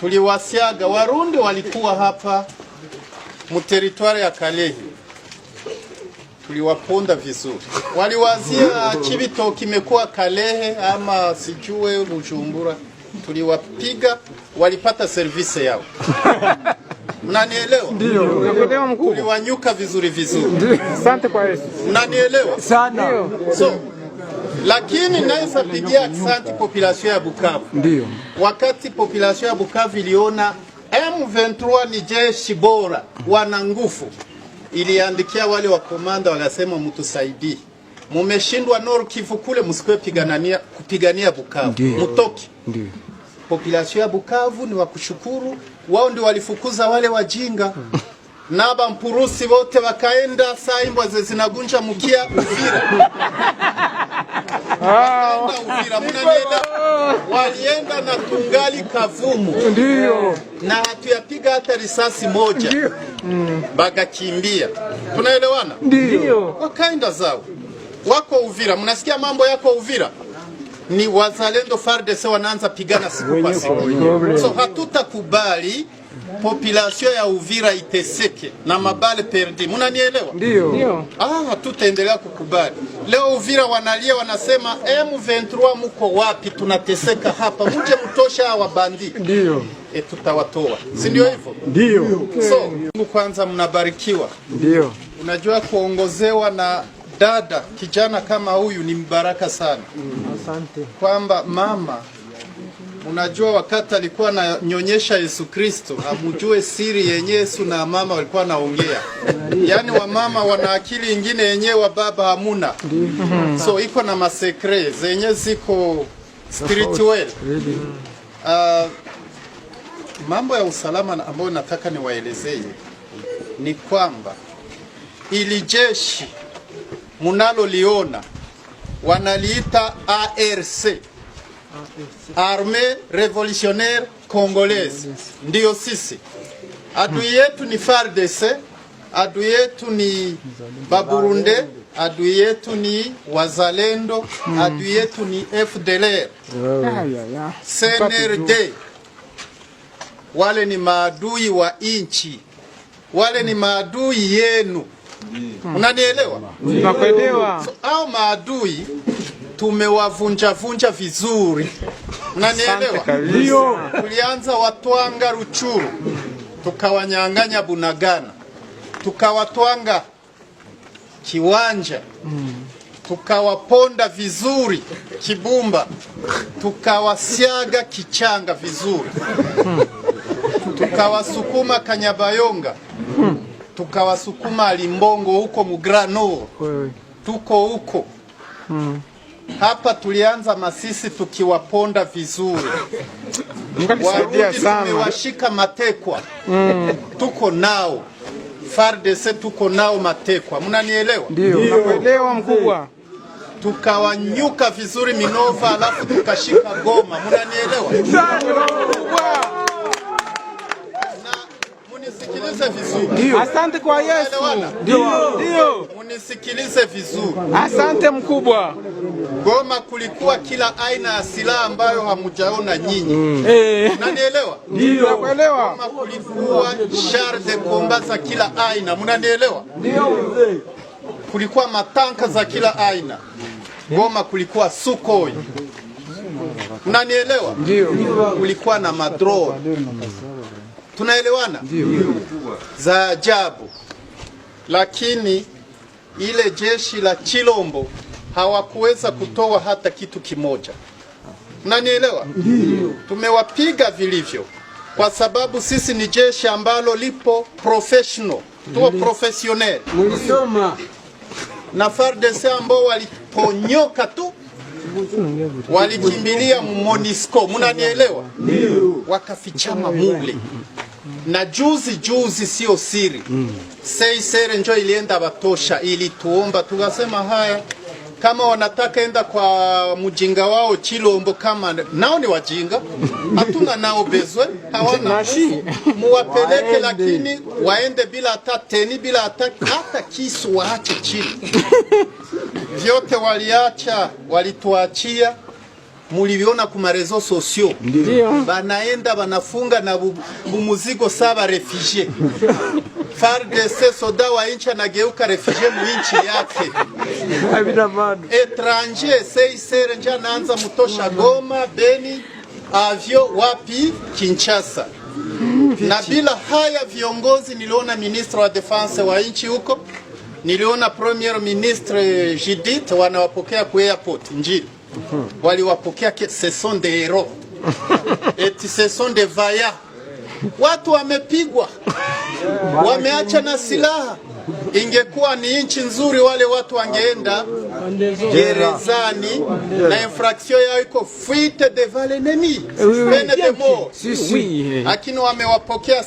Tuliwasiaga Warundi walikuwa hapa muteritwari ya Kalehe, tuliwaponda vizuri. Waliwazia Chibitoke imekuwa Kalehe ama sijue Bujumbura, tuliwapiga walipata service yao. Mnanielewa? Ndio. Tuliwanyuka vizuri vizuri. Asante kwa Mnanielewa? Sana. So, lakini naweza pigia asante population ya Bukavu. Ndio. Wakati population ya Bukavu iliona M23 ni jeshi bora, wana nguvu, iliandikia wale wa komanda wakasema, mtusaidie, mumeshindwa Nord Kivu kule, msikwe pigania kupigania Bukavu, mutoki. Ndio. Population ya Bukavu ni wakushukuru, wao ndio walifukuza wale wajinga na bampurusi wote wakaenda, saa imbwa zinagunja mkia Uvira walienda na tungali Kavumu ndio, na hatuyapiga hata risasi moja mm. Bagakimbia, tunaelewana ndio, wakaenda zao, wako Uvira. Mnasikia mambo yako Uvira ni wazalendo FARDC wanaanza pigana siku kwa siku, so hatutakubali population ya Uvira iteseke na mabale perdi. Munanielewa? Ndio. Ah, hatutaendelea kukubali. Leo Uvira wanalia wanasema M23 muko wapi? Tunateseka hapa, muje mtosha hawa bandi. Ndio. E, tutawatoa si ndio hivyo? Ndio. Okay. So Mungu kwanza, mnabarikiwa. Ndio. Unajua kuongozewa na dada kijana kama huyu ni mbaraka sana. Asante. Mm. Kwamba mama Unajua, wakati alikuwa ananyonyesha Yesu Kristo, amujue siri yenye Yesu na mama walikuwa naongea, yaani wamama wana akili ingine yenyewe wa baba hamuna, so iko na masekre zenye ziko spiritual. Uh, mambo ya usalama ambayo nataka niwaelezee ni kwamba ili jeshi munaloliona wanaliita ARC Armée révolutionnaire Congolaise, ndiyo sisi. Adui yetu ni FARDC, adui yetu ni Baburunde, adui yetu ni Wazalendo, adui yetu ni FDLR, CNRD. Wale ni maadui wa inchi, wale ni maadui yenu. Unanielewa? Tunakuelewa. Au maadui tumewavunjavunja vizuri, mnanielewa Ndio tulianza watwanga Ruchuru, tukawanyang'anya Bunagana, tukawatwanga Kiwanja, tukawaponda vizuri Kibumba, tukawasiaga Kichanga vizuri, tukawasukuma Kanyabayonga, tukawasukuma alimbongo huko Mugrano, tuko huko hapa tulianza Masisi tukiwaponda vizuri Warundi, tumewashika matekwa mm. tuko nao FARDC tuko nao matekwa, mnanielewa? Ndio, nakuelewa mkubwa. Tukawanyuka vizuri Minova, alafu tukashika Goma, mnanielewa? munisikilize vizuri. Asante kwa Yesu. Ndio. Ndio. Mnisikilize vizuri. Asante mkubwa. Goma kulikuwa kila aina ya silaha ambayo hamjaona nyinyi. Mm. Eh. Eh. Mnanielewa? Mm. Ndio. Nakuelewa. Goma kulikuwa char de combat za kila aina. Mnanielewa? Ndio mzee. Kulikuwa matanka za kila aina. Goma kulikuwa sukoi. Mnanielewa? Ndio. Kulikuwa na madrone. Tunaelewana? Ndio. Za ajabu. Lakini ile jeshi la Chilombo hawakuweza kutoa hata kitu kimoja. Mnanielewa? Ndio. Tumewapiga vilivyo kwa sababu sisi ni jeshi ambalo lipo professional, tuo professionnel. Mlisoma na FARDC ambao waliponyoka tu walikimbilia MONUSCO. Mnanielewa? Ndio. Wakafichama mule Mm. na juzi juzi, sio siri mm. Seisere njo ilienda batosha, ilituomba tukasema, haya kama wanataka enda kwa mjinga wao Chilombo, kama nao ni wajinga, hatuna nao bezwe, hawana muwapeleke, lakini waende bila hata teni, bila hata hata kisu, waache chini vyote waliacha, walituachia muliviona kumarezo marezo sosio banaenda banafunga na bumuzigo saba refugee FARDC soda wa inchi anageuka refugee mu inchi yake etranger seisere nja naanza mutosha Goma, Beni, avyo wapi Kinshasa na bila haya viongozi, niliona ministre wa defense wa inchi huko, niliona premier ministre Judith wanawapokea ku airport Njili waliwapokea ce sont des héros eti ce sont des vaillants. Watu wamepigwa, wameacha na silaha. Ingekuwa ni nchi nzuri, wale watu wangeenda gerezani na infraction yao iko fuite devant l'ennemi de mort, lakini wamewapokea